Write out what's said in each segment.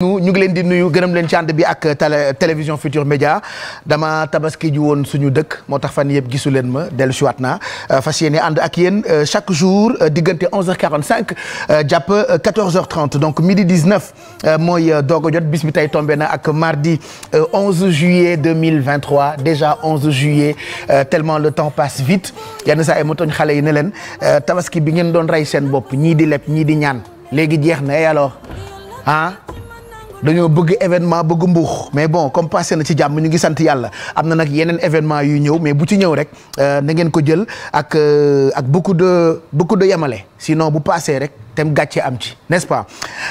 ñu ngi leen di nuyu gërëm leen ci ànd bi ak télévision Futur Média dama tabaski ji woon suñu dëkk moo tax fan yëpp gisu leen ma dellu si waat naa euh, fas yéene ànd ak yéen euh, chaque jour euh, diggante 11h45 jàpp 14h30 donc midi 19 mooy doog jot bis bi tey tombé na ak mardi 11 juillet 2023 déjà 11 juillet tellement le temps passe vite yenn sax yi ma tooñ xale yi ne leen tabaski bi ngeen doon rey seen bopp ñii di leb ñii di ñaan léegi jeex na et alors dañoo bëgg événement bëgg mbuux mais bon comme passé na ci jàmm ñu ngi sant yàlla am na nag yeneen événement yu ñëw mais bu ci ñëw rek euh, na ngeen ko jël ak euh, ak beaucoup de beaucoup de yemale sinon bu paasee rek tem gàcce am ci nest pas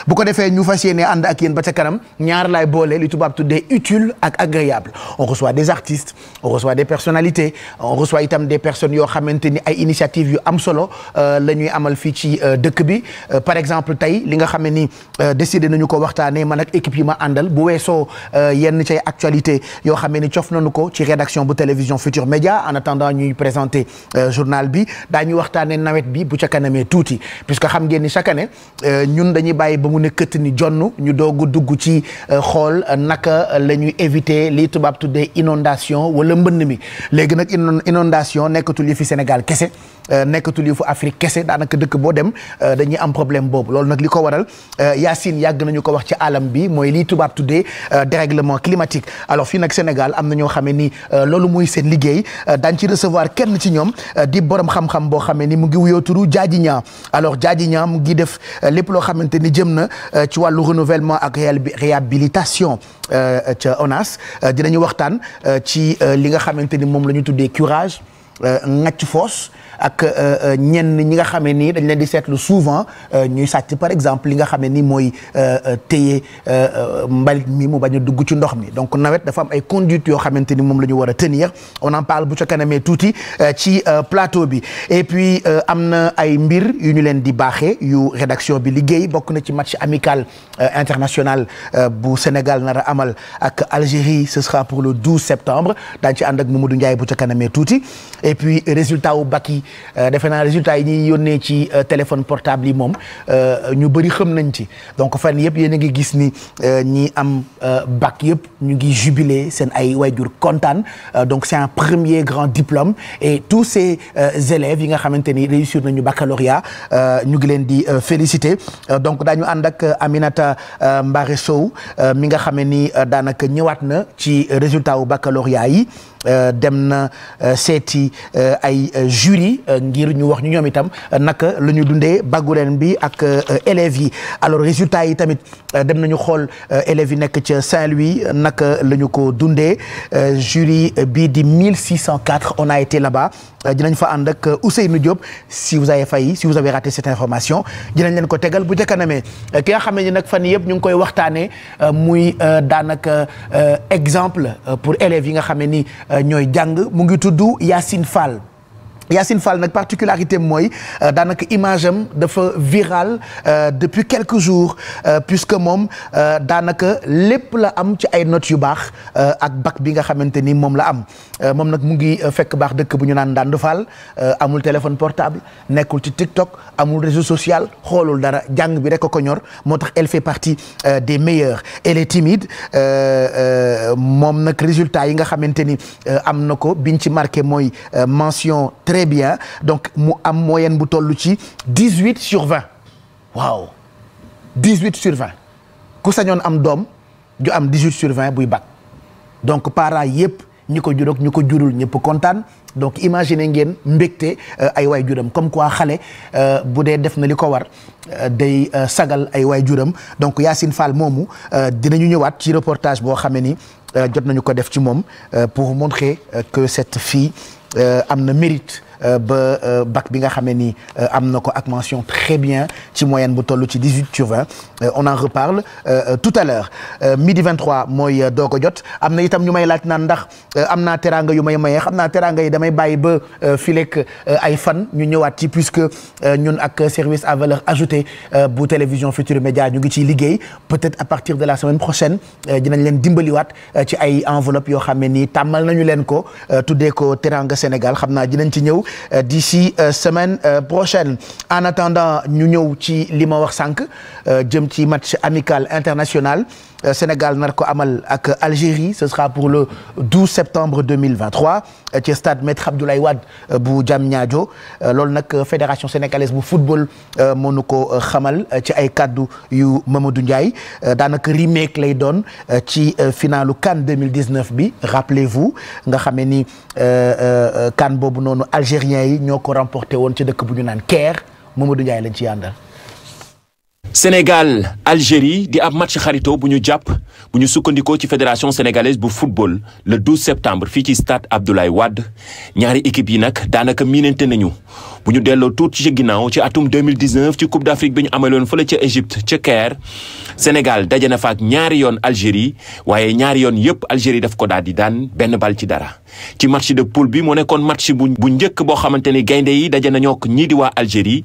bu ko defee ñu fas yéene ànd ak yéen ba ca kanam ñaar laay boole li tubaab tuddee utile ak agréable on reçoit des artistes on reçoit des personnalités on reçoit itam des personnes yoo xamante ni ay initiatives yu am solo euh, la ñuy amal fii ci euh, dëkk bi euh, par exemple tey li nga xam ni décidé nañu ko waxtaanee man ak équipe yi ma àndal bu weesoo yenn cay actualité yoo xam ni cof nañu ko ci rédaction bu télévision Futur Média en attendant ñuy présenter journal bi daañu waxtaanee nawet bi bu ca kanamee tuuti puisque xam ngeen ni chaque année euh, ñun dañuy bàyyi ba mu ne këtt ni jonn ñu doog a dugg ci euh, xool naka la ñuy éviter lii tubaab tuddee inondation wala mbënn mi léegi nag inondation nekkatul yi fi Sénégal kese Euh, nekkatul yëfu Afrique kese daanaka dëkk boo dem euh, dañuy am problème boobu loolu nag li ko waral euh, Yacine yàgg nañu ko wax ci alam bi mooy lii tubaab tuddee dérèglement climatique alors fii nag Sénégal am na ñoo xamee ni loolu muy seen liggéey daañ ci recevoir kenn ci ñoom di borom xam-xam boo xamee ni mu ngi wuyoo turu Diadji Niang alors Diadji Niang mu ngi def lépp loo xamante ni jëm na ci wàllu renouvellement ak réhabilitation ca ONAS dinañu waxtaan ci li nga xamante ni moom la ñu tuddee curage ngàcc foos ak euh, euh, ñenn ñi nga xamee nii dañ leen di seetlu souvent euh, ñuy sàcc par exemple li nga xamee nii mooy téye mbalit mi mu bañ a dugg ci ndox mi donc nawet dafa am ay conduite yoo xamante ni moom la ñu war a tenir on en parle bu ca kanamee tuuti ci plateau bi et puis am na ay mbir yu ñu leen di baaxee yu rédaction bi liggéey bokk na ci match amical international bu Sénégal nar a amal ak Algérie ce sera pour le 12 septembre daañu ci ànd ak Mamadou Ndiaye bu ca kanamee tuuti et résultat wu bac yi Euh, defe naa résultat yi ñuy yónnee ci euh, téléphone portable yi moom euh, ñu bëri xam nañ ci donc fan yëpp yéen a ngi gis ni ñi am bac yëpp ñu ngi jubilé seen ay way waajur kontaan donc c'est un premier grand diplôme et tous ces élèves yi nga xamante ni réussir nañu baccalauréat ñu ngi leen di féliciter donc daañu ànd ak Aminata Mbare Sow mi nga xam ni daanaka ñëwaat na ci résultat wu baccalauréat yi Euh, dem na euh, seeti euh, ay jury ngir ñu wax ñu ñoom itam naka la ñu dundee Bagoulen bi ak élèves yi alors résultats yi tamit dem nañu xool élèves yi nekk ca Saint-Louis naka la ñu ko dundee jury bii di 1604 on a été là-bas Euh, dinañ fa ànd ak euh, Ousseynou Diop si vous avez failli si vous avez raté cette information dinañ leen ko tegal bu ca kanamee euh, ki nga xam nag fan yëpp ñu ngi koy waxtaanee muy daanaka exemple pour élève yi nga xam ne ni ñooy jàng mu ngi tudd Yacine Fall. Yacine Fall nag particularité mooy euh, daanaka image am dafa viral euh, depuis quelques jours euh, puisque moom daanaka lépp la am ci ay notes yu baax ak bac bi nga xamante ni moom la am moom nag mu ngi fekk baax dëkk bu ñu naan Ndande Fall amul téléphone portable nekkul ci TikTok amul réseau social xoolul dara jàng bi rek ko ñor moo tax elle fait partie des meilleurs elle est timide moom nag résultat yi nga xamante ni am na ko biñ ci marqué mooy mention très bien donc mu am bu toll ci dix huit sur vingt waaw dix ku sañoon am doom ju am dix huit buy bac donc parents yëpp ñi ko jur ak ko jurul ñëpp kontaan donc imaginer ngeen mbégte euh, ay waay juram comme quoi xale euh, bu dee def na li ko war euh, day sagal ay waay juram donc Yacine Fall moomu dinañu ñëwaat ci reportage boo xamee ni jot nañu ko def ci moom pour montrer que cette fille am na mérite Euh, ba euh, bac bi nga xamee ni euh, am na ko ak mention très bien ci moyenne bu toll ci 18 sur 20 on en reparle tout à l'heure midi 23 mooy doo ko jot am na itam ñu may laaj naan ndax am naa teraanga yu may maye xam naa teraanga yi damay bàyyi ba filek ay fan ñu ñëwaat ci puisque ñun ak service à valeur ajoutée bu télévision Futurs Médias ñu ngi ciy liggéey peut-être à partir de la semaine prochaine dinañ leen dimbaliwaat ci ay enveloppe yoo xam ne nii tàmmal nañu leen ko tuddee ko teraanga Sénégal xam naa dinañ ci ñëw Euh, d'ici euh, semaine euh, prochaine en attendant ñu ñëw ci li ma wax sànq jëm ci match amical international Euh, Sénégal nar ko amal ak Algérie ce sera pour le 12 septembre 2023 euh, ci stade Maître Abdoulaye Wade euh, bu ñaajo loolu nag fédération sénégalaise bu football moo nu ko xamal ci ay kàddu yu Mamadou Ndiaye daanaka remake lay doon ci finalu CAN 2019 bi rappelez-vous nga xamee ni CAN boobu noonu algériens yi ñoo ko remporté woon ci dëkk bu ñu naan Caire Mamadou lañ ci àndal. Sénégal Algérie di ab match xarito bu ñu jàpp bu ñu sukkandikoo ci fédération sénégalaise bu football le 12 septembre fii ci stade Abdoulaye Wade ñaari équipe yi nag daanaka miinante nañu bu ñu delloo tuut ci ginnaaw ci atum 2019 ci coupe d'Afrique bi ñu amaloon fële ca Égypte ca Caire Sénégal daje na fa ak ñaari yoon Algérie waaye ñaari yoon yépp Algérie daf ko daal di daan benn bal ci dara ci match de poule bi mu nekkoon match bu bu njëkk boo xamante ni gaynde yi daje na ñii di waa Algérie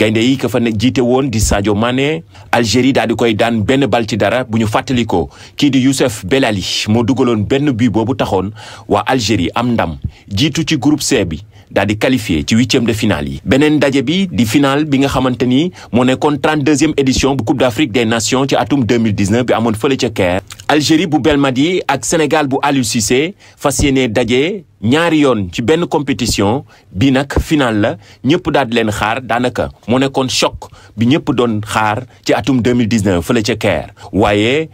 yi ka ne jiite woon di Sadio Mané Algérie daal di koy daan benn bal ci dara bu ñu fàttalikoo kii di Youssef Belali moo dugaloon benn bii boobu taxoon waa Algérie am ndam jiitu ci groupe C bi daal di qualifié ci huitième de final yi beneen daje bi di finale bi nga xamante ni moo nekkoon trente deuxième édition bu coupe d'Afrique des nations ci atum 2019 bi amoon fële ca Caire Algérie bu Belmadi ak Sénégal bu Aliou Cissé fas yéene daje ñaari yoon ci benn compétition bi nag final la ñëpp daal di leen xaar daanaka moo nekkoon choc bi ñëpp doon xaar ci atum 2019 fële ca Caire waaye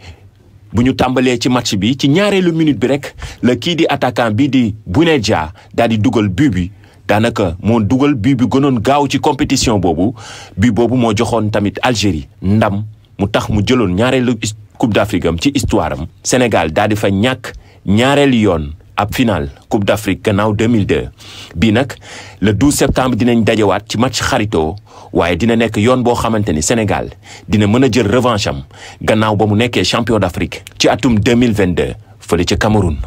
bu ñu tàmbalee ci match bi ci ñaareelu minute bi rek la kii di attaquant bi di Bounedjah daal di dugal but bi daanaka moo dugal bii bi gënoon gaaw ci compétition boobu bii boobu moo joxoon tamit Algérie ndam mu tax mu jëloon ñaareelu coupe d'Afrique am ci histoire Sénégal daal di fa ñàkk ñaareelu yoon ab final coupe d'Afrique gannaaw 2002 bii nag le 12 septembre dinañ dajewaat ci match xaritoo waaye dina nekk yoon boo xamante ni Sénégal dina mën a jël revanche am gannaaw ba mu nekkee champion d'Afrique ci atum 2022 fële ca Cameroun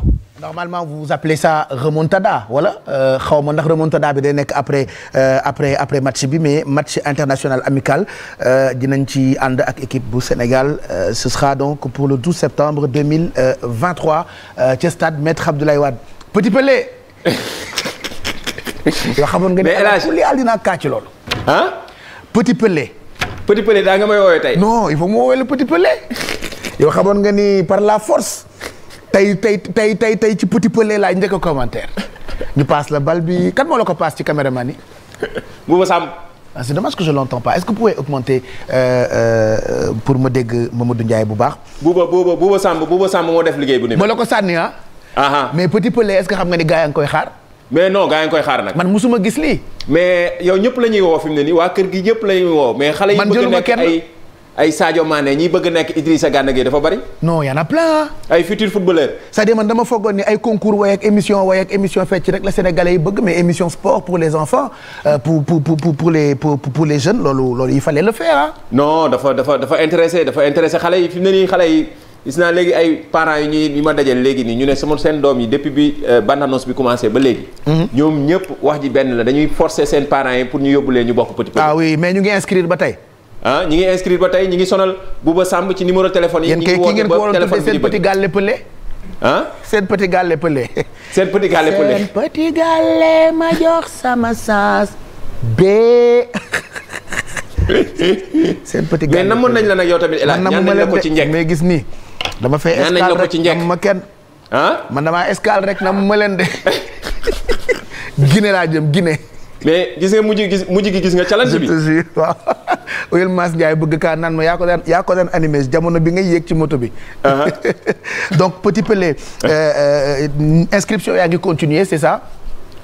normalement vous appelez ça remontada wala euh, xaw ma ndax remontada bi day nekk après euh, après après match bi mais match international amical euh, dinañ ci ànd ak équipe bu Sénégal ce sera donc pour le 12 septembre 2023 ci stade Maître Abdoulaye Wade Petit Pelé yoo xamoon nga ne ku li àll dinaa kaa ah Petit Pelé Petit Pelé daa nga may woowee tey non il faut mu woowee le Petit Pelé yoo xamoon nga ni par la force tey tey tey tey tey ci petit pële laay njëkk a commentaire ñu passe la bal bi kan moo la ko passe ci caméraman yi. Bouba Samb. ah c'est dommage que je l'entends pas est-ce que vous pouvez augmenter euh, euh, pour ma dégg Mamadou Ndiaye bu baax. Bouba Bouba Bouba Samb Bouba Samb moo def liggéey bu ne. moo la ko sànni ah. ah, ah. mais petit pële est-ce que xam nga ni gars yaa ngi koy xaar. mais non gaa ngi koy xaar nag. man musuma gis lii. mais yow ñëpp la ñuy woo fi mu ne nii waa kër gi ñëpp la ñuy woo. mais xale yi bëgg nekk ay ay Sadio Mané ñi bëgg nekk Idrissa Gana Gueye dafa bari. non y en a plein. ay futurs footballeurs. cest à dama foogoon ni ay concours way ak émission way ak émission fecc rek la sénégalais yi bëgg mais émission sport pour les enfants euh, pour pour pour pour les pour loolu loolu il fallait le faire ah. non dafa dafa dafa intéressé dafa intéressé xale yi fi mu ne nii xale yi gis naa léegi ay parents yi ñuy yi ma dajal léegi nii ñu ne sama seen doom yi depuis bi euh, bande annonce bi commencé ba léegi. Mhm. wax benn la dañuy forcer seen parents yi pour ñu yóbbu leen ñu bokk petit ah ba tey. ah ñi ngi inscrire ba tey ñi ngi sonal bu ba Samb ci numéro téléphone yi. ñi ngi woote ba téléphone bi di bëri ah? seen petit gàlle pële seen petit gàlle pële seen petit gàlle ma jox sama sens bee seen petit gàlle mais namoon nañ la nag yow tamit El Hadj ñaan nañ la ko ci njëkk may gis nii dama fay escale rek nam ma ah? man damaa escale rek nam ma leen de Guinée laa jëm Guinée mais gis nga mujj gis mujj gi gis nga challenge bi waaw Will Mass Ndiaye bëgg kaa naan ma yaa ko daan yaa ko daan animé jamono bi ngay yéeg ci moto bi uh-huh. donc petit pelé euh, euh, inscription yaa ngi continuer c'est ça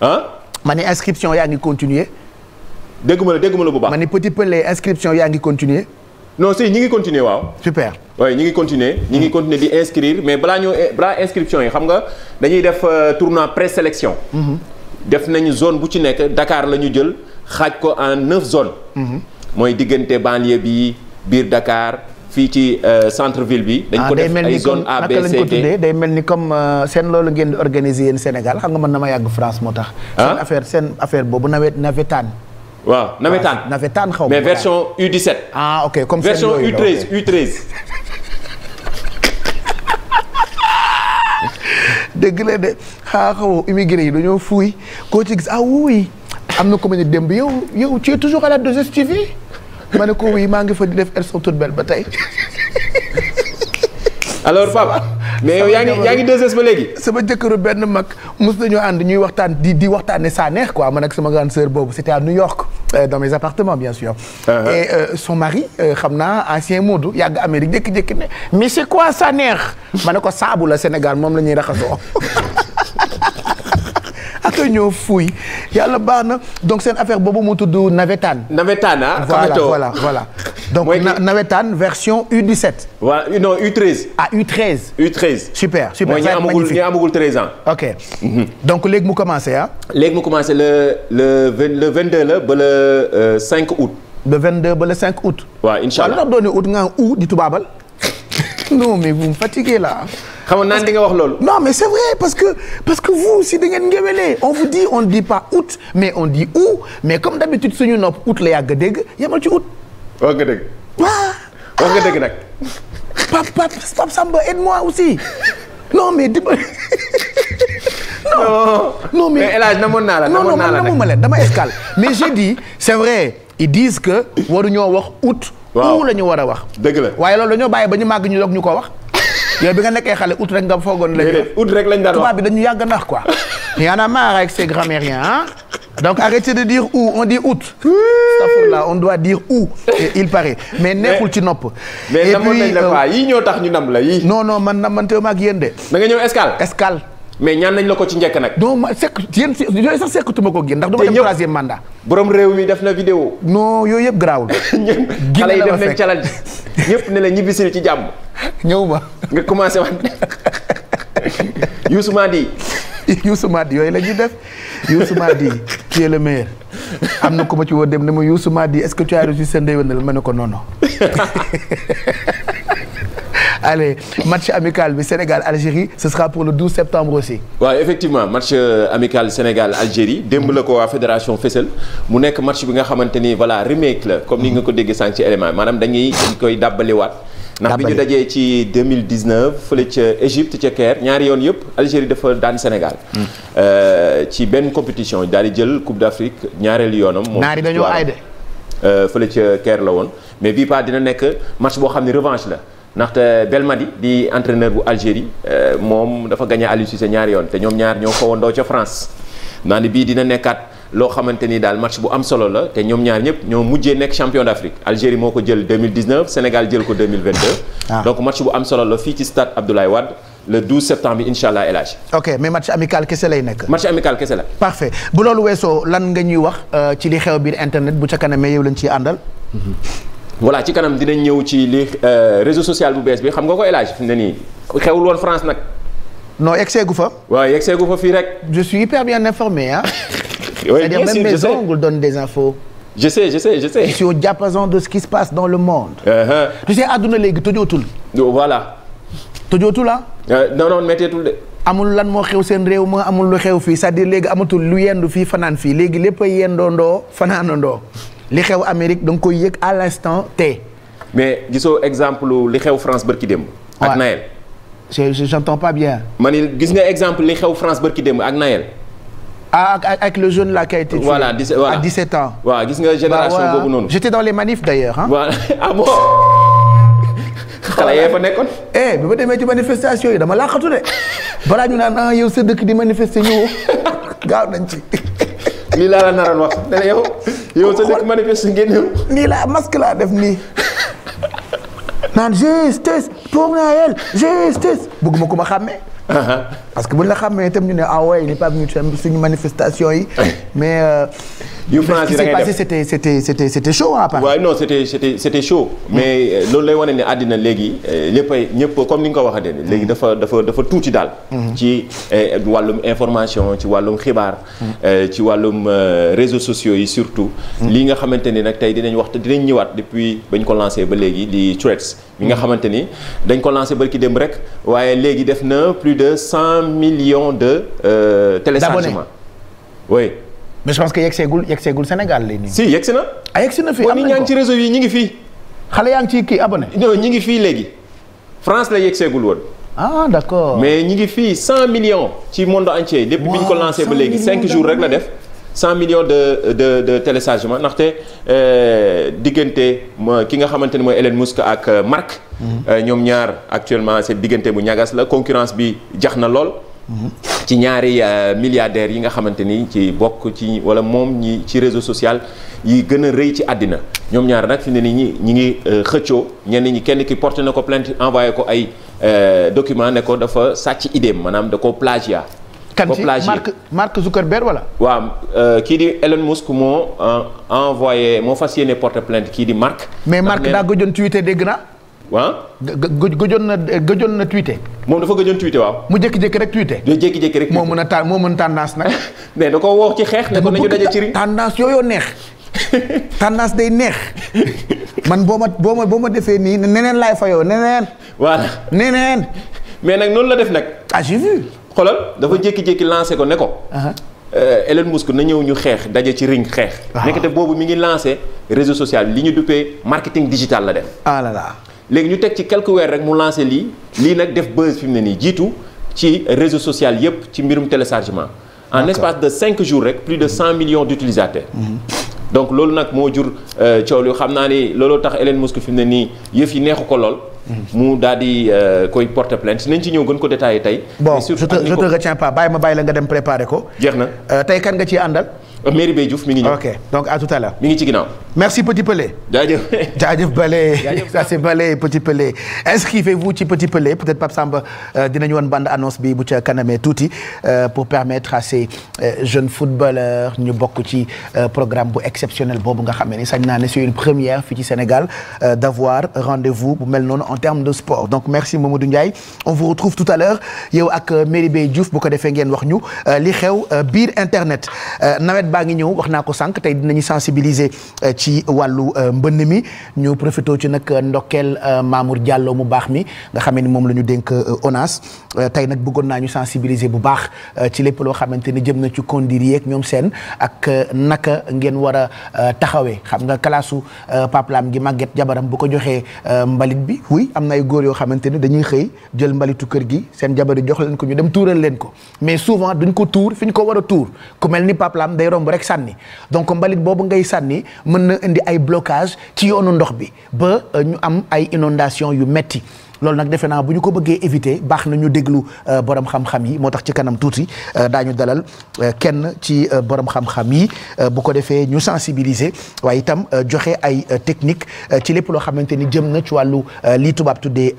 ah ma ne inscription yaa ngi continuer dégguma la dégguma la bu baax ma ne petit pelé inscription yaa ngi continuer non si ñi ngi continuer waaw super waaye ñi ngi continuer ñi ngi continuer di inscrire mais balaa ñoo balaa inscription yi xam nga dañuy def euh, tournoi présélection mm-hmm. def nañu zone bu ci nekk dakaar la ñu jël xaaj ko en neuf zones. Mhm. mooy diggante banlieue bi biir dakaar fii ci euh, centre ville bi. dañ ah, ko def ay zone A day mel ni comme euh, seen loolu ngeen di organiser yéen Sénégal xam nga mën na ma yàgg France moo tax. Ah? seen affaire seen affaire boobu nawet navetaan. waaw navetaan navetaan xaw mais version U17. ah ok comme version U13 U13. dégg la de xaa xaw immigré yi dañoo fuuy koo ci gis ah oui am na ko ma ne démb yow yow tu es toujours à la 2STV ma ne ko oui maa ngi fa di def elles sont toutes ba tey. alors Pape mais yow yaa ngi yaa ngi 2S ba léegi. sama jëkkëru benn mag mos nañoo ànd ñuy waxtaan di di waxtaanee saa neex quoi man ak sama grande sœur boobu c'était à New York. Euh, dans mes appartements bien sûr. Euh, euh. et son mari xam naa ancien Modou yàgg Amérique jékki-jékki ne mais c'est quoi ça neex. ma ne ko saabu la Sénégal moom la ñuy raxasoo. ak ñoo fuuy yàlla baax na donc seen affaire boobu mu tudd nawetaan. nawetaan ah. voilà voilà voilà donc nawetaan version U17. waa non U13. ah U13. U13. super super mooy ñi amagul ñi amagul 13 ans. Mhm. léegi mu commencé ah. léegi mu commencé le le le la ba le 5 euh, août. le 22 ba le 5 août. waaw incha allah waaw lu tax doon mais vous me fatiguez là. xam nga naan di nga wax loolu. non mais c'est vrai parce que parce que vous si da ngeen ngéwelee on vous dit on dit pas août mais on dit ou mais comme d'habitude suñu nopp août la yàgg dégg yemal ci août. wax nga dëgg. waaw. wax nga dëgg nag. Pape Pape Pape Samba aide-moi aussi non mais dimbali. non non mais El Hadj namoon naa la namoon naa la non non man dama escale mais j'ai dit c'est vrai ils disent que waruñoo wax août. waaw ou la ñu war a wax. dëgg la waaye loolu dañoo bàyyi ba ñu màgg ñu doog ñu ko wax. yow bi nga nekkee xale ut rek nga foogoon la ut rek lañ daan tubaab bi dañu yàgg nax quoi y en a marre avec ces grammairiens hein donc arrêtez de dire où on dit out dire où il paraît mais neexul ci nopp mais namoon nañ la quoi euh, yii ñoo tax ñu nam la yii non non man namante maag yéen de da nga ñëw escale escale mais ñaan nañ la ko ci njekk nag. non ma sekk yéen yooyu sax sekkatuma ko génn ndax du ma dem troisième mandat. borom réew mi def na vidéo. non yooyu yëpp garaawul. xale yi def nañ challenge ñëpp ne la ñibbisil ci jàmm. ñëw ma nga commencé wax Youssou Madi. Youssou yooyu la ñuy def Youssou Madi tu es le meilleur am na ku ma woo dem ne ma Youssou Madi est-ce que tu as reçu ma ne ko non allez match amical bi Sénégal Algérie ce sera pour le septembre aussi. waaw ouais, effectivement match euh, amical Sénégal Algérie démb la ko waa fédération Fesal mu nekk match bi nga xamante ni voilà remake la comme ni nga ko déggee sànq ci élément maanaam dañuy koy waat ndax bi ñu dajee ci 2019 fële ca Égypte ca Caire ñaari yoon yëpp Algérie dafa daan Sénégal. Hmm. Euh, ci benn compétition daal di jël Coupe d'Afrique ñaareelu yoonam. moom naari dañoo aay de. Euh, fële ca Caire la woon mais bii pas dina nekk match boo xam ne revanche la. ndaxte Belmadi di entraîneur bu Algérie euh, moom dafa gagné Aliou Cissé ñaari yoon te ñoom ñaar ñoo xawandoo ca France naa ni bii dina nekkaat loo xamante ni daal match bu am solo la te ñoom ñaar ñëpp ñoo mujjee nekk champion d'Afrique Algérie moo ko jël 2019 Sénégal jël ko 2022 ah. donc match bu am solo la fii ci stade Abdoulaye Wade le 12 septembre bi incha allah El Hadj ok mais match amical kese lay nekk. match amical kese la. parfait bu loolu weesoo lan nga ñuy wax euh, ci li xew biir internet bu ca kanamee yow lañ ciy àndal. Mhm. voilà ci kanam dinañ ñëw ci li euh, réseau social bu bees bi xam nga ko élage fi mu ne nii xewul woon France nag. non yegsee fa. waaye yegsee gu fa fii rek. je suis hyper bien informé ah. oui bien sûr des infos. je sais je sais je suis au diapason de ce qui se passe dans le monde. Uh-huh. tu sais àdduna léegi tëjootul. voilà. tëjootul ah. non non de. amul lan moo xew seen réew ma amul lu xew fii cest dire léegi amatul lu yendu fii fanaan fii léegi lépp a yendondoo fanaanandoo. li xew Amérique da nga koy yëg à l'instant T. mais giso exemple li xew France bërki démb. ak Nayel. je j'entends pas bien. ma ni gis nga exemple li xew France bërki dem ak Nayel. ah ak le jeune la qui a été tué voilà à 17 ans. gis nga génération boobu noonu. j'étais dans les manifs d'ailleurs ah. voilà ah bon. xale yee fa nekkoon. eh ma demee ci manifestation yi dama laaxatu de balaa ñu naan ah, yow dëkk di manifester ñëw gaaw nañ ci. lii laa la naroon wax ne yow yow sa dëkk manifeste ngeen ñëw. nii laa masque laa def nii naan justice pour Nayel justice bëgguma ku ma xàmmee. parce que buñ a xàmmee itam ñu ne ah ouais ni pas manifestation yi eh. mais. Euh, yu France yi da ngay def c'était c'était c'était c'était chaud à part. waaw mais mm. euh, loolu lay wane ni àddina léegi euh, léppay ñëpp comme ni nga ko waxee de léegi mm. dafa dafa dafa tuuti daal. Mm-hmm. ci eh, wàllum information ci wàllum xibaar. Mm. Euh, ci wàllum réseaux sociaux yi surtout. lii nga xamante ni nag tey dinañ waxta dinañ ñëwaat depuis bañ ko lancé ba léegi di threads mi nga xamante ni dañ ko lancé barki dem rek waaye léegi def na plus de cent millions de téléchargements oui mais je pense que yegseegul yegseegul Sénégal lay nii. si yegsi na. ah na fii am nañu ko ci réseau yi ñi ngi fii. xale yaa ngi ci kii abonné. non ñi ngi fii léegi France la yegseegul woon. ah d'accord mais ñi ngi fii 100 millions. ci monde entier depuis bi ñu ko lancé ba léegi 5 jours rek la def. 100 millions de de de téléchargement ndaxte euh, diggante ki nga xamante ni mooy Elon Musk ak euh, Mark. Mhm. Euh, ñoom ñaar actuellement c'est diggante bu ñagas la concurrence bi jax na lool. ci ñaari euh, milliardaires yi nga xamante ni ci bokk ci wala moom ñi ci réseau social yi gën a rëy ci àddina ñoom ñaari nag fi ne ni ñi ñi ngi euh, xëccoo ñenn ñi kenn ki porte na ko plant envoyé ko ay euh, document ne ko dafa sàcc idéem maanaam da ko plagiat kan ci Mark Mark Zuckerberg wala. waaw kii di Elon Musk moo envoyé moo fas yéene porté plainte kii di Mark. mais Mark daa gëjoon Twitter dégg naa. ah. gëjoon na gëjoon na tweeté. moom dafa gëjoon tweeté waaw. mu jékki-jékki rek tweeté. mu jékki-jékki rek. moo mën a ta moo mën tendance nag. mais da koo ci xeex. ne ko nañu daje ci ri tendance yooyu neex. tendance day neex man boo ma boo ma boo ma defee nii neneen laay fayoo neneen. voilà neneen. mais nag noonu la def nag. ah j'ai vu. xoolal dafa jékki-jékki lancé ko ne ko. Uh-huh. Euh, Elon Musk na ñëw ñu xeex daje ci ring xeex. waaw ah. nekkate boobu mi ngi lancé réseau social li ñu duppee marketing digital la def. ah là là. léegi ñu teg ci quelques weer rek mu lancé lii lii nag def buzz fi mu ne nii jiitu ci réseau social yépp ci mbirum téléchargement en espace de cinq jours rek plus de cent millions d'utilisateurs mhm. donc loolu nag moo jur euh, coow lu xam naa ni looloo tax Elon Musk fi mu ne nii yëf yi neexu ko lool mhm. mu daal di euh, koy porter plainte nañ ci ñëw gën ko détaillé tey bon je te retiens pas bàyyi ma bàyyi la nga dem préparer ko jeex na euh, tey kan nga ciy àndal mairie Baye Diouf mi ngi ñëw. ok donc à tout à l'heure mi ngi ci ginnaaw. merci Petit Pelé. inscrivez-vous ci Petit Pelé peut-être Pape Samba euh, dinañu woon bande annonce bi bu ca kanamee tuuti euh, pour permettre à ces euh, jeunes footballeurs ñu bokk ci programme bu exceptionnel boobu nga xam ni sañ naa ne c'est une première fii ci Sénégal d'avoir rendez-vous bu mel noonu en termes de sport donc merci Mamadou Ndiaye on vous retrouve tout à l'heure yow ak mairie Baye bu ko defee ngeen wax ñu li xew biir internet nawet. nawet baa ngi ñëw wax naa ko sànq tey dinañu sensibiliser euh, ci wàllu euh, mbënn mi ñu profité ci nag euh, ndokkeel Mamour jàlloo mu baax mi nga xamee ni moom la ñu dénk ONAS tey nag bëggoon naa ñu sensibiliser bu baax ci lépp loo xamante ni jëm na ci kondir yeek ñoom seen ak naka ngeen war a taxawee xam nga kalaasu papalaam gi màgget jabaram bu ko joxee mbalit bi wuy am na ay góor yoo xamante ni dañuy xëy jël mbalitu kër gi seen jabari jox leen ko ñu dem tuural leen ko romb rek sànni donc mbalit boobu ngay sànni mën na indi ay blocage ci yoonu ndox bi ba euh, ñu am ay inondation yu metti loolu nag defe naa bu ñu ko bëggee éviter baax na ñu déglu euh, borom xam-xam yi moo tax ci kanam tuuti euh, daañu dalal kenn ci borom xam-xam yi bu ko defee ñu sensibiliser waaye itam joxe ay technique ci lépp loo xamante ni jëm na ci wàllu lii tubaab tuddee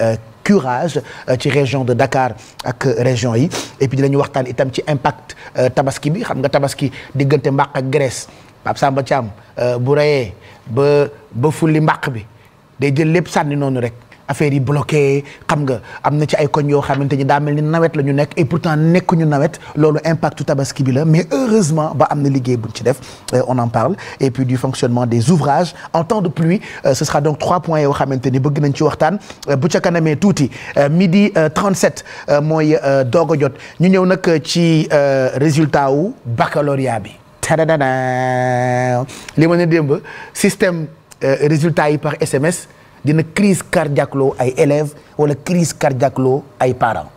curage euh, ci région de Dakar ak région yi et puis waxtaan itam ci impact euh, tabaski bi xam nga tabaski diggante mbàq ak Grèce Pape Samba Thiam euh, bu rayee ba ba fulli mbàq bi day jël lépp sànni noonu rek affaire yi bloqué xam nga am na ci ay koñ yoo xamante ni daa mel ni nawet la ñu nekk et pourtant nekkuñu nawet loolu impact tabaski bi la mais heureusement ba am na liggéey buñ ci def euh, on en parle et puis du fonctionnement des ouvrages en temps de pluie euh, ce sera donc trois points yoo xamante ni bëgg nañ ci waxtaan euh, bu ca kanamee tuuti midi 37 mooy doog a jot ñu ñëw nag ci résultat wu baccalauréat bi tadadada li ma ne démb système résultat yi par SMS dina crise cardiaque loo ay élèves wala crise cardiaque loo ay parents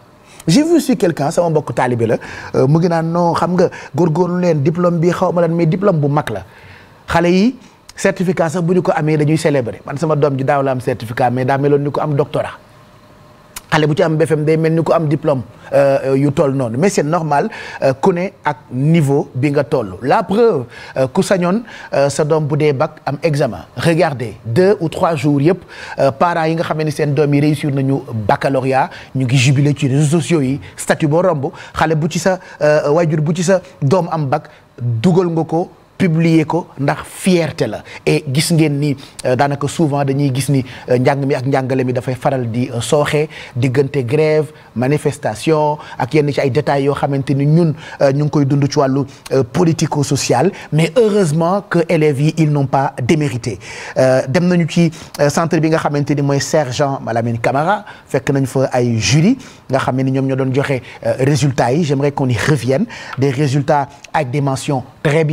j'ai vu si quelqu'un sama mbokk taalibe la euh, mu ngi naan non xam nga góor leen diplôme bi xaw ma lan mais diplôme bu mag la xale yi certificat sax bu ñu ko amee dañuy célébrer man sama doom ji daaw la am certificat mais daa meloon ni ko am doctorat xale bu ci am BFM day mel ni ko am diplôme euh, yu toll noonu mais c'est normal euh, ku ne ak niveau bi nga toll la preuve euh, ku sañoon sa doom bu dee bac am examen regardez deux ou trois jours yëpp parents yi nga xam ne seen doom yi réussir nañu baccalauréat ñu ngi jubilé ci réseaux sociaux yi statut boo romb xale bu ci sa waajur bu ci sa doom am bac dugal nga ko publier ko ndax fierté la et gis ngeen ni euh, daanaka souvent dañuy gis ni euh, njàng mi ak njàngale mi dafay faral di euh, sooxe diggante grève manifestation ak yenn ci ay détails yoo xamante ni ñun ñu ngi koy dund ci wàllu politico social mais heureusement que élèves yi ils n'ont pas démérité dem nañu ci centre bi nga xamante ni mooy sergent Malamine Camara fekk nañ fa ay jury nga xam ne ni ñoom ñoo doon joxe résultats yi j'aimerais qu'on y revienne des résultats avec des mentions très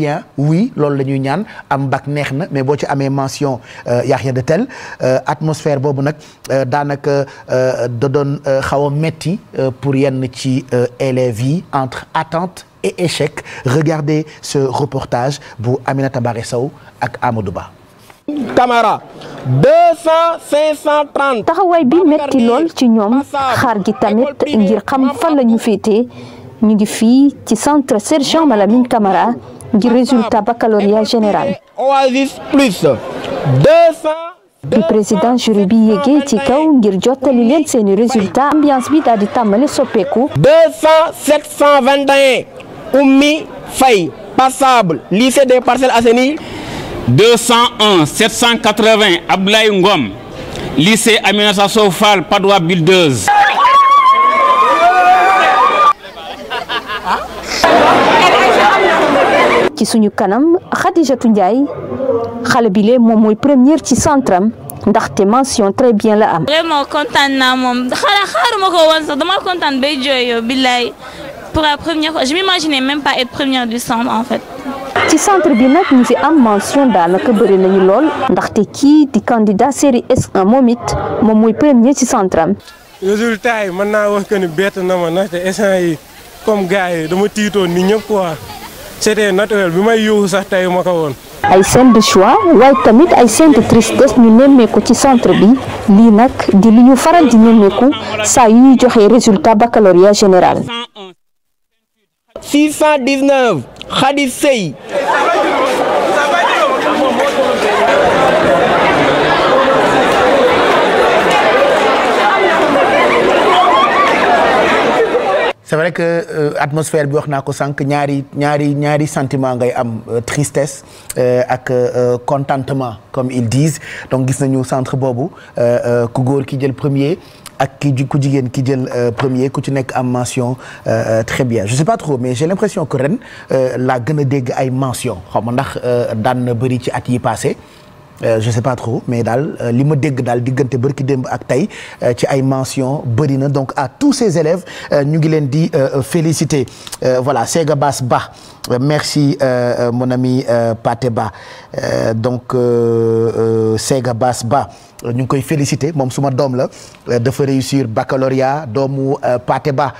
oui loolu la ñuy ñaan am bac neex na mais boo ci amee mention yaa euh, ya de tel euh, atmosphère boobu nag euh, daanaka da doon metti pour yenn ci élèves yi entre attente et échec regardez ce reportage bu Aminata Barre saw ak Amadou Ba. Camara 200 530. taxawaay bi metti lool ci ñoom xaar gi tamit ngir xam fan ñu féetee ñu ngi fii ci centre Sergent Malamine Camara. du résultat baccalauréat général. Oasis plus 200. bi président jury bi yéegee ci kaw ngir jottali leen seeni résultat ambiance bi daal di tàmbali soppeeku. 200 721 Oumy Faye passable lycée des Parcelles Assainies. 201 780 Abdoulaye Ngom lycée Aminata Sow Fall Padois Builders. ci suñu kanam Khadijatou Ndiaye xale bi lee moom mooy première ci centre am ndaxte mention très bien la am. vraiment kontaan naa moom xala xaaruma ko woon sax dama kontaan bay jooy yow billaay pour la première fois je m'imaginais même pas être première du centre en fait. ci centre bi nag ñu fi am mention daanaka bëri nañu lool ndaxte kii di candidat série S1 moom it moom mooy premier ci centre am. résultat yi mën naa wax que ni bett na ma ndaxte S1 yi comme gars yi dama tiitoon ni ñëpp quoi. c'était naturel bi may yuuxu sax tey ma ko woon. ay scène de choix waaye tamit ay scène de tristesse ñu nemmeeku ci centre bi lii nag di li faral di nemmeeku saa yu ñuy joxe résultat baccalauréat général. 619 Khady Seye. c'est vrai que euh, atmosphère bi wax naa ko sànq ñaari ñaari ñaari sentiment ngay am euh, tristesse euh, ak contentement comme ils disent donc gis nañu centre boobu ku góor ki jël premier ak ki ku jigéen ki jël premier ku ci nekk am mention très bien je sais pas trop mais j'ai l'impression que ren laa gën a dégg ay mention xaw ma ndax daan na bëri ci at yi passé Euh, je sais pas trop mais daal euh, li ma dégg daal diggante bërki démb ak tey euh, ci ay mention bëri na donc à tous ces élèves ñu ngi leen di féliciter voilà Sega Bass Ba merci mon ami Paté Ba donc Sega Bass Ba ñu ngi koy féliciter moom suma doom la dafa réussir baccalauréat doomu Paté Ba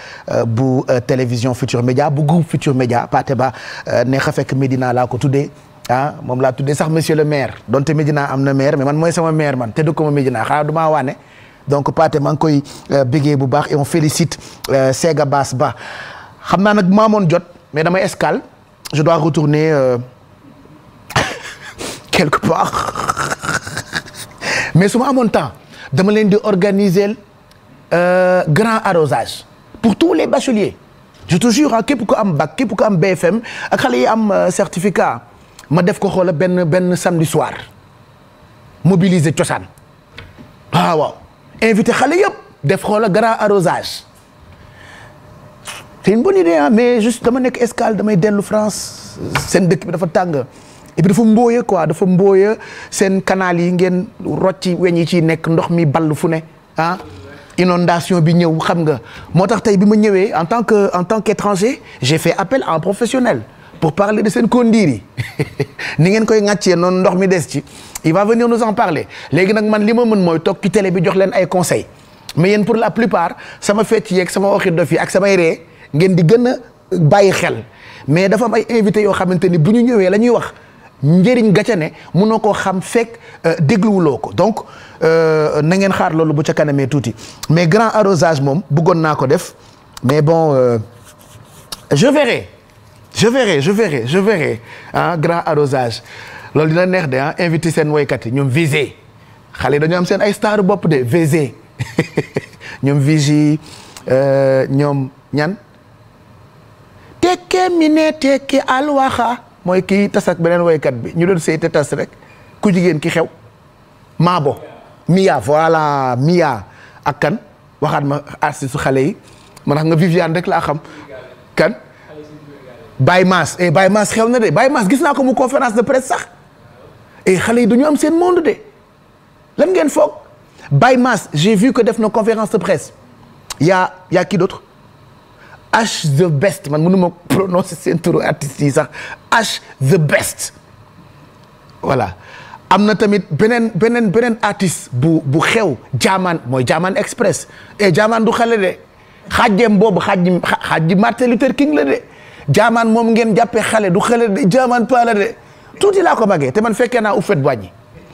bu télévision Futur Média bu groupe Futur Média Paté Ba neex a fekk Médina laa ko tuddee ah moom laa tuddee sax monsieur le maire donte Médina am na maire mais man mooy sama maire man te dëkkuma Médina xanaa du maa waane donc Pathé maa ngi koy euh, bégee bu baax et on félicite euh, Sega baas Ba xam naa nag maamoon jot mais dama escale je dois retourner euh, quelque part mais su ma amoon temps dama leen di organiser euh, grand arrosage pour tous les bacheliers je te jure képp ku am bak képp ku am BFM ak xale yi am euh, certificat ma def ko xoola benn benn samedi soir mobiliser cosaan waaw ah, waaw invité xale yëpp def xoola grand arrosage c'est une bonne idée ah mais juste dama nekk escale damay dellu France seen dëkk bi dafa tàng et puis dafa mbooya quoi dafa mbooya seen canal yi ngeen ci weñ yi ciy nekk ndox mi ball fu ne ah inondation bi ñëw xam nga moo tax tey bi ma ñëwee en tant que en tant qu'étranger j'ai fait appel à un professionnel pour parler de seen kondiir yi ni ngeen koy ŋàccee noonu ndox mi des ci il va venir nous en parler léegi nag man li ma mën mooy toog ci télé bi jox leen ay conseils mais yéen pour la plupart sama fecc yeeg sama waxi dof yi ak samay ree ngeen di gën a bàyyi xel mais dafa am ay invités yoo xamante ni bu ñu ñëwee la ñuy wax njëriñ gàcce ne mënoo koo xam fekk euh, dégluwuloo ko donc euh, na ngeen xaar loolu bu ca kanamee tuuti mais grand arrosage moom bëggoon naa ko def mais bon euh, je verrai je verrai je verrai grand arrosage loolu dina neex de ah invité seen woykat yi ñoom visé xale yi dañoo am seen ay star bopp de visé ñoom vigi euh, ñoom ñan tekke mi ne tekke alwaxa mooy kii tas beneen woykat bi ñu doon sëy tas rek ku jigéen ki xew maabo Mia voilà Mia ak kan waxaat ma artiste su xale yi man xam nga Viviane rek laa xam Baye Mass et eh, Baye Mass xew na de Baye Mass gis naa ko mu conférence de presse sax et eh, xale yi dañu am seen monde de lan ngeen foog Baye Mass j'ai vu que def na conférence de presse ya a y a qui the best man mënu ma prononcer seen turu artistes yi sax H the best voilà am na tamit beneen beneen beneen artiste bu bu xew jaamaan mooy jaamaan express et eh, jaamaan du xale de xaajjem boobu xaaj xaaj Martin Luther King la de. jaamaan moom ngeen jàppee xale du xale de jaamaan paala de tuuti laa ko magee te man fekkee naa uffet wàññi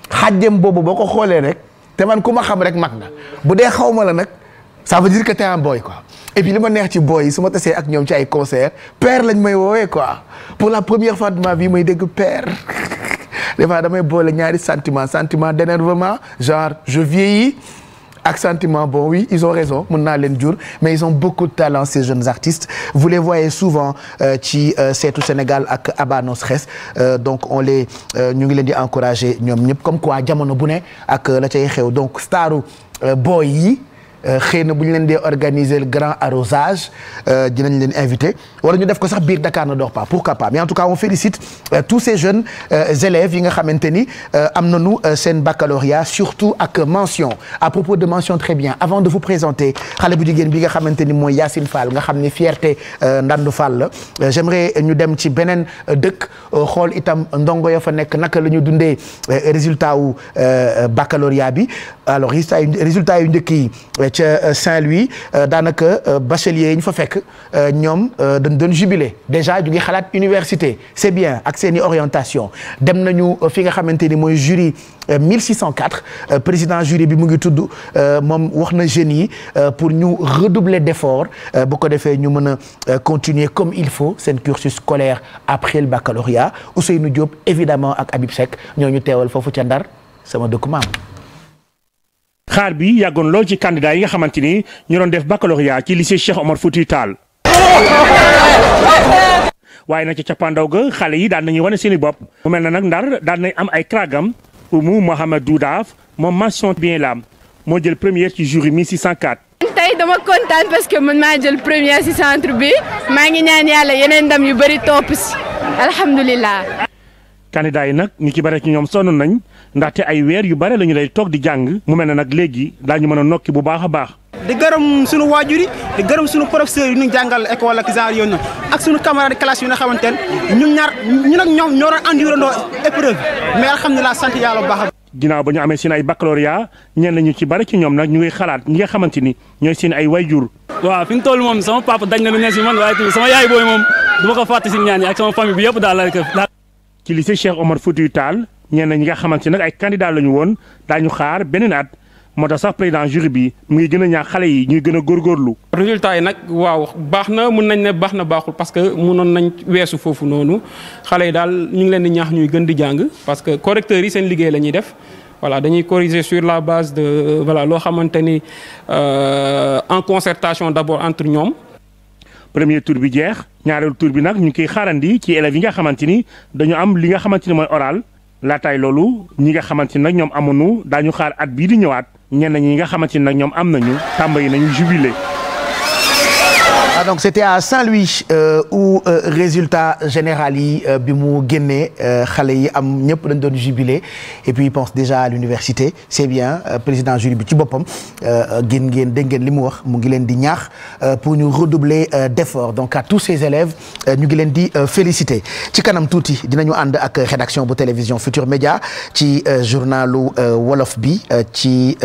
xajjem boobu boo ko xoolee rek te man ku ma xam rek mag na bu dee xaw ma la nag ça veut dire que t'es booy boy quoi et ma neex ci booy yi su ma tasee ak ñoom ci ay concert père lañ may woowee quoi pour la première fois de ma vie may dégg père des fois damay boole ñaari sentiment sentiment d'énervement genre je yi ak sentiment bon oui ils ont raison mën naa leen jur mais ils ont beaucoup de talent ces jeunes artistes vous les voyez souvent euh, ci euh, seetu Sénégal ak Abba No euh, donc on les ñu ngi leen di encourager ñoom ñëpp comme quoi jamono bu ne ak la cay xew donc staru boy xëy na bu ñu leen dee organiser le grand arrosage euh, dinañ leen invité wala ñu def ko sax biir Dakar na dox pas pourquoi pas mais en tout cas on félicite euh, tous ces jeunes euh, élèves yi nga xamante ni am na nañu seen baccalauréat surtout ak mention à propos de mention très bien avant de vous présenter xale bu jigéen bi nga xamante ni mooy Yacine Fall nga xam ni fierté Ndandu Fall la j'aimerais ñu dem ci beneen dëkk xool itam ndongo ya fa nekk naka la ñu dundee résultat wu baccalauréat bi alors résultat yu njëkk yi ca euh, Saint-Louis euh, daanaka euh, bachelier yi ñu fa fekk ñoom dan doon jubilé déjà ñu ngi xalaat université c'est bien ak seen i orientation dem nañu fi nga xamante ni mooy jury 1604 président jury bi mu ngi tudd moom wax na jeunes yi pour ñu redoubler d'efforts bu ko defee ñu mën a continuer comme il faut seen cursus scolaire après le baccalauréat nu Diop évidemment ak Habib Seck ñoo ñu teewal foofu ca Ndar sama dëkku xaar bi yàggoon lool ci candidat yi nga xamante ni ñu doon def baccalauréat ci lycée Cheikh Omar Foutiyou Tall waaye nag ci cappaandaw ga xale yi daan nañu wane seen bopp mu mel na nag ndar daan nañ am ay kragam Oumou Mohamed Doudaaf moom mention bien l'âme moo jël première ci jury 1604 tey dama kontaan parce que man maa jël première ci centre bi maa ngi ñaan yàlla yeneen ndam yu bëri topp si alhamdulilah candidat yi nag ñu ci bare ci ñoom sonn nañ ndaxte ay weer yu bare la ñu lay toog di jàng mu mel ne nag léegi ñu mën a nokki bu baax a baax. di gërëm suñu waajur yi di gërëm suñu professeurs yi ñu jàngal école ak genre yooyu noonu ak suñu camarades de classe yi nga xamante ne ñun ñaar ñun ak ñoom ñoo doon andiwandoo épreuve mais alhamdulilah sant yàlla bu baax ginnaaw ba ñu amee seen ay baccalauréat ñenn nañu ci bari ci ñoom nag ñu ngi xalaat ñi nga xamante ni ñooy seen ay wayjur. waaw fi mu toll moom sama papa dañ na lu ne si man yëpp daal la ci lycée Cheikh Omar ñenn ñi nga xamante nag ay candidat la ñu woon daañu xaar beneen at moo tax sax président jury bi mu ngi gën a ñaax xale yi ñuy gën a góorgóorlu. résultat yi nag waaw baax na mun nañ ne baax na baaxul parce que munoon nañ weesu foofu noonu xale yi daal ñu ngi leen di ñaax ñuy gën di jàng parce que correcteurs yi seen liggéey lañuy def. voilà dañuy corriger sur la base de voilà loo xamante ni euh, en concertation d'abord entre ñoom. premier tour bi jeex ñaareelu tour bi nag ñu koy xaarandi ci élèves yi nga xamante ni dañu li nga xamante ni mooy oral. laataay loolu ñi nga xamante ni nag ñoom amuñu daañu xaar at bii di ñëwaat ñenn ñi nga xamante ni nag ñoom am nañu tàmbali nañu jubilé. voilà donc c'était à Saint-Louis euh, euh, résultat général yi euh, bi mu génnee euh, xale yi am ñëpp dañ doon jubilé et puis il pense déjà à l'université c'est bien euh, président jury bi ci boppam gén ngeen dégg ngeen li mu wax mu ngi leen di ñaax pour ñu redoubler d'efforts donc à tous ces élèves ñu ngi leen di féliciter ci kanam tuuti dinañu ànd ak rédaction bu télévision Futur Média ci journalu wolof bi ci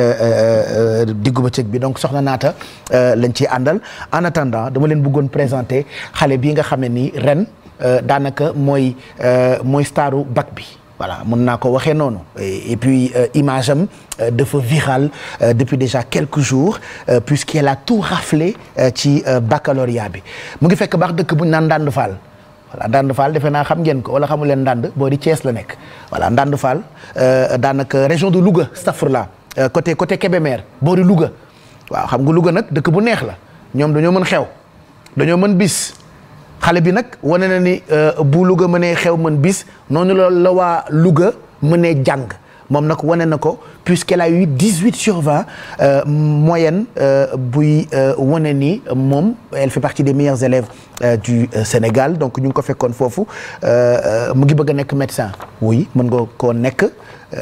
diggu bëccëg bi donc soxna naata lañ ci àndal en attendant dama leen bëggoon présenter xale bii nga xam ne nii ren euh, daanaka mooy euh, mooy staru bac bi voilà mën naa ko waxee noonu et puis euh, image am euh, dafa virale euh, depuis déjà jour jours euh, puisqu'elle a tout raflé ci baccalauréat bi mu ngi fekk baax dëkk bu ñu naan Ndande Fall voilà Ndande Fall defe naa xam ngeen ko wala xamu leen Ndande boo di Thiès la nekk voilà Ndande Fall daanaka région de Louga stafurla côté côté Kébémer boo di Louga waaw xam nga Louga nag dëkk bu neex la ñoom dañoo mën xew dañoo mën bis xale bi nag wane na ni euh, bu Louga mënee xew mën bis noonu loolu la waa Louga mënee jàng moom nag wane na ko puisqu'elle a eu dix-huit sur vingt euh, moyenne euh, buy wane ni moom elle fait partie des meilleurs élèves du Sénégal donc ñu ngi ko fekkoon foofu mu ngi bëgg a nekk médecin oui mën nga koo nekk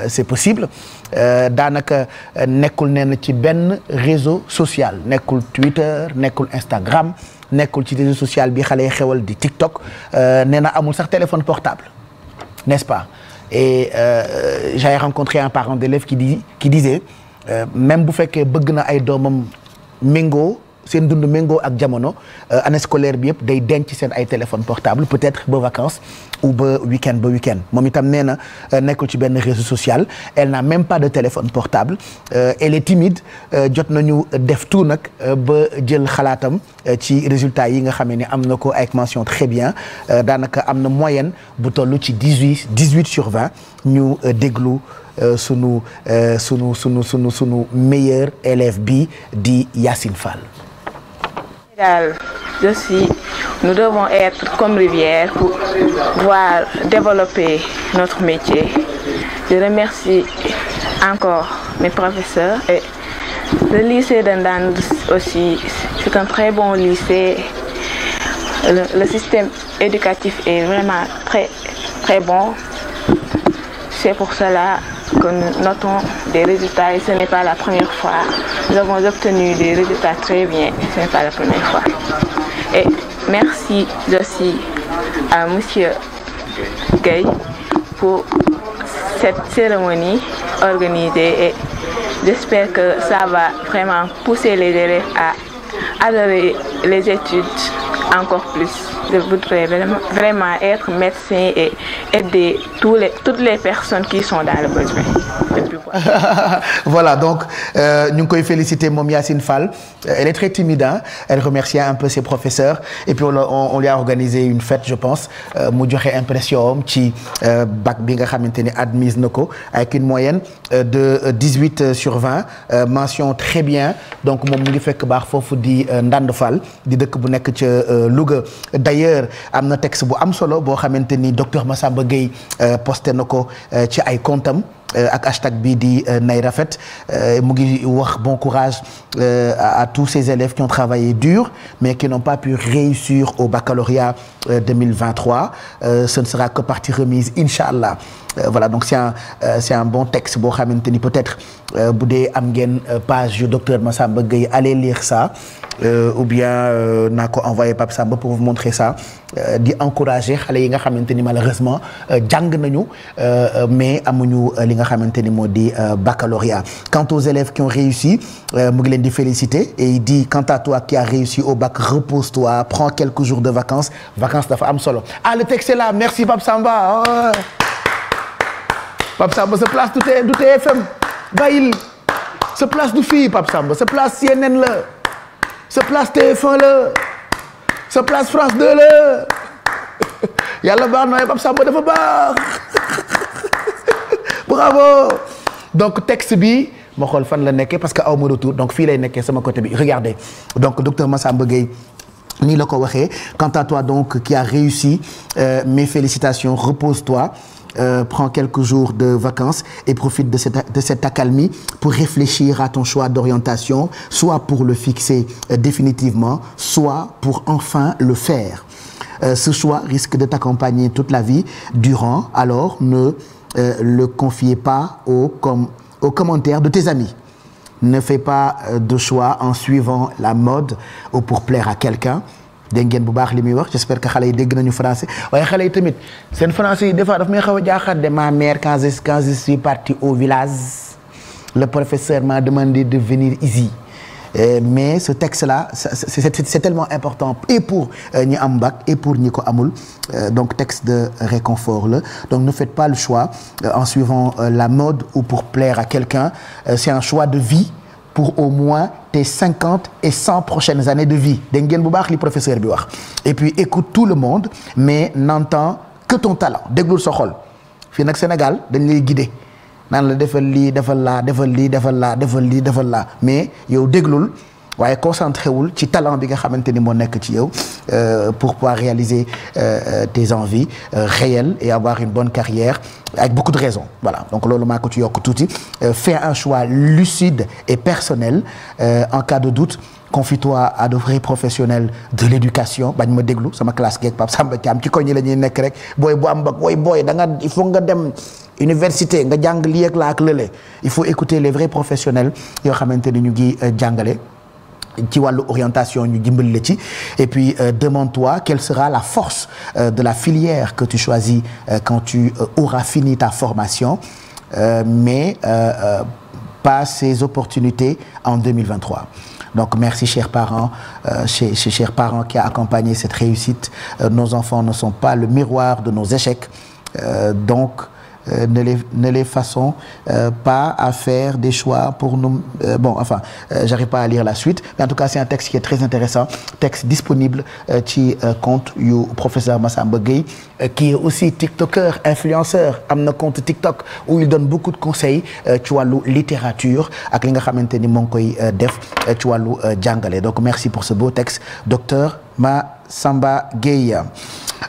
c'est possible daanaka nekkul nee ci benn réseau social nekkul Twitter nekkul Instagram nekkul ci réseau social bi xale yi xewal di TikTok euh, nee na amul sax téléphone portable n'est-ce pas et euh, j'ai rencontré un parent d'élève qui di qui disait euh, même bu fekkee bëgg na ay doomam méngoo seen dund méngoo ak jamono euh, année scolaire bi yëpp day denc seen ay téléphone portable peut-être ba vacances ou ba week-end ba week moom itam neena euh, nekkul ci benn réseau social elle n'a même pas de téléphone portable euh, elle est timide jot nañu def tout nag ba jël xalaatam ci résultats yi nga xamee ni am na ko avec mention très bien daanaka am na moyenne bu toll ci dix-huit dix-huit sur vingt ñu déglu sunu sunu sunu sunu sunu meilleur élève bi di yasin Fall Je suis, nous devons être comme rivière pour pouvoir développer notre métier. Je remercie encore mes professeurs et le lycée d'Andan aussi, c'est un très bon lycée. Le, système éducatif est vraiment très, très bon. C'est pour cela que nous notons des résultats et ce n'est pas la première fois. Nous avons obtenu des résultats très bien et ce n'est pas la première fois. Et merci aussi à Monsieur Gay pour cette cérémonie organisée et j'espère que ça va vraiment pousser les élèves à adorer les études encore plus. Je voudrais vraiment être médecin et aider tous les, toutes les personnes qui sont dans le besoin. voilà donc euh, ñu ngi koy féliciter moom Yacine Fall euh, elle est très timide hein? elle remercie un peu ses professeurs on, on, on lui a organisé une fête je pense euh, mu joxe impression am ci bac bi nga xamante ni admise na ko avec une moyenne de 18 sur 20 mention très bien donc moom mu ngi fekk baax foofu di Ndande Fall di dëkk bu nekk ca Louga d'ailleurs am na texte bu am solo boo xamante ni docteur Massamba Gueye euh, posté na ko euh, ci ay comptam euh, ak hashtag bii di nay rafet mu ngi wax bon courage à tous ces élèves qui ont travaillé dur mais qui n'ont pas pu réussir au baccalauréat 2023 ce ne sera que partie remise incha allah voilà donc c'est un bon texte boo xamante ni peut-être Euh, bu dee am ngeen euh, page yu docteur Massamba Gueye allez lire ça euh, ou bien naa ko envoyé Pape Samba pour vous montrer ça di encourager xale yi nga xamante ni malheureusement jàng nañu mais amuñu li nga xamante ni moo di baccalauréat quant aux élèves qui ont réussi mu ngi leen di féliciter et il dit quant à toi qui a réussi au bac repose-toi prends quelques jours de vacances vacances dafa am solo ah le texte est là merci Pape Samba oh. Pape Samba se place du TFM bàyyil sa place du fii Pape Samba sa place CNN la sa place tf la sa place France 2 la yàlla baax na Pape Samba dafa baax bravo donc texte bi ma xool fan la nekkee parce que aw ma retour donc fii lay nekkee sama côté bi regardez donc docteur Massamba Gueye nii la ko waxee quant à toi donc qui a réussi euh, mes félicitations repose-toi euh, prends quelques jours de vacances et profite de cette, de cette accalmie pour réfléchir à ton choix d'orientation, soit pour le fixer euh, définitivement, soit pour enfin le faire. Euh, ce choix risque de t'accompagner toute la vie durant, alors ne euh, le confiez pas aux, com de tes amis. Ne fais pas euh, de choix en suivant la mode ou pour plaire à quelqu'un. dégg ngeen bu baax li muy wax j'espère que xale yi dégg nañu français waaye xale yi tamit seen français yi des fois daf may xaw a jaaxaat de ma mère quand je parti au village le professeur m'a demandé de venir ici euh, mais ce texte-là c'est tellement important et pour euh, ñi am bac et pour ñi ko amul euh, donc texte de réconfort là donc ne faites pas le choix en suivant la mode ou pour plaire à quelqu'un c'est un choix de vie pour au moins tes cinquante et cent prochaines années de vie dégg ngeen bu baax li professeur bi wax et puis écoute tout le monde mais n'entends que ton talent déglul soxol fii nag Sénégal dañ lay guider naan la defal lii defal laa defal lii defal laa defal lii defal laa mais yow déglul waaye concentré wul ci talent bi nga xamante ni moo nekk ci yow euh, pour pouvoir réaliser euh, euh, tes envies réelles et avoir une bonne carrière avec beaucoup de raison voilà donc loolu maa ko ci yokk tuuti fais un choix lucide et personnel en cas de doute confie-toi à de vrais professionnels de l'éducation bañ ma déglu sama classe geeg Pape Samba Thiam ci koñ yi la ñuy nekk rek booy bu am bag booy booy da nga il faut nga dem université nga jàng lii ak laa ak lële il faut écouter les vrais yoo xamante ni ñu ngi jàngale ci wàllu orientation ñu dimbali la ci et puis euh, demande-toi quelle sera la force euh, de la filière que tu choisis euh, quand tu euh, auras fini ta formation euh, mais euh, pas ces opportunités en 2023 donc merci chers parents chez chers parents qui a accompagné cette réussite nos enfants ne sont pas le miroir de nos échecs donc Euh, ne les ne les façons euh, pas à faire des choix pour nous euh, bon enfin j'arrive pas à lire la suite mais en tout cas c'est un texte qui est très intéressant texte disponible ci compte yu professeur Massamba Gueye qui est aussi tiktoker influenceur am na compte TikTok où il donne beaucoup de conseils ci wàllu littérature ak li nga xamante ni moo ngi koy def ci wàllu jàngale donc merci pour ce beau texte docteur Ma Samba Gueye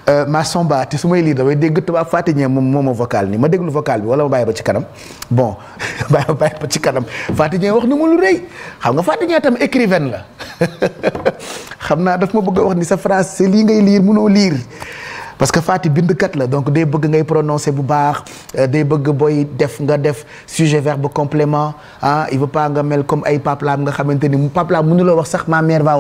euh, ma Samba te su may lii damay dégg tubaab fàtte ñee moom ma vocal nii ma déglu vocal bi wala ma bàyyi ba ci kanam bon bàyyi ba bàyyi ba ci kanam fàtte ñee wax ni mu lu rëy xam nga fàtte ñee tam écrivain la xam naa daf ma bëgg a wax ni sa français lii ngay liir mënoo liir parce que Fati bindkat la donc day bëgg ngay prononcer bu baax euh, day bëgg booy def nga def sujet verbe bu ah il veut pas nga mel comme ay paplaam nga xamante ni paplaam mënuloo wax sax ma mère va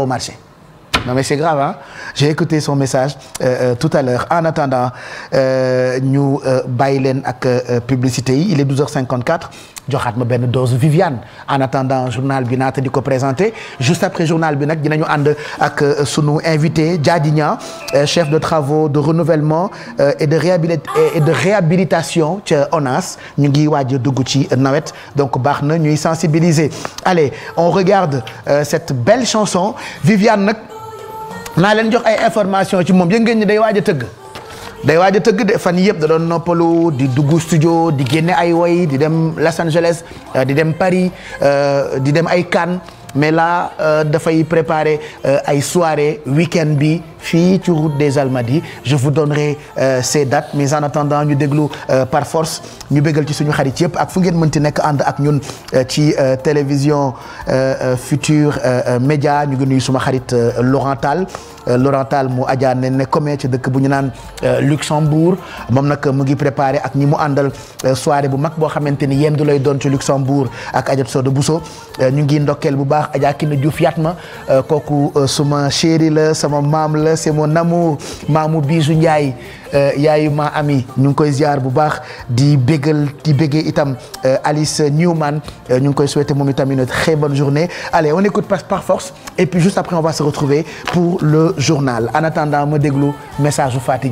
non mais c'est grave j'ai écouté son message euh, euh, tout à l'heure en attendant euh, ñu euh, bàyyi leen ak publicité yi il est 12h54 joxaat ma benn dose Viviane en attendant journal bi naata di ko présenté juste après journal bi nag dinañu ànd ak sunu invité Diady Niang chef de travaux de renouvellement et de réhabili et de réhabilitation ca ONAS ñu ngi waaj a dugg ci nawet donc baax na ñuy sensibiliser allez on regarde cette belle chanson Viviane nag. naa leen jox ay information ci moom yëg ngeen ni day waaj a tëgg day waaj tëgg de fan yëpp da doon noppalu di dugg studio di génne ay woy di dem Los Angeles euh, di dem Paris euh, di dem ay Cannes mais là euh, dafay préparer ay soirée week-end bi fii ci route des Almadies je vous donnerai euh, ces dates mais en attendant ñu déglu euh, par force ñu bégal ci suñu xarit yëpp ak fu ngeen mënti nekk ànd ak ñun euh, ci télévision Futur Média ñu ngi nuyu suma xarit Laurent Tall Laurent mu ajaa ne ne commet ci dëkk bu ñu naan Luxembourg moom nag mu ngi préparé ak ñi mu àndal soirée bu mag boo xamante ni yéen du lay doon ci Luxembourg ak Adja Soda Bousso ñu ngi ndokkeel bu baax Adja Kine Diouf Yatma kooku suma chéri c'est mon amour maamu Bijou Ndiaye euh, yaayu ma ami ñu ngi koy ziar bu baax di bégal di béggee itam euh, Alice Newman euh, ñu ngi koy souhaiter moom itam une très bonne journée allez on écoute par par force et puis après on va se retrouver pour le journal en attendant ma déglu message u Faty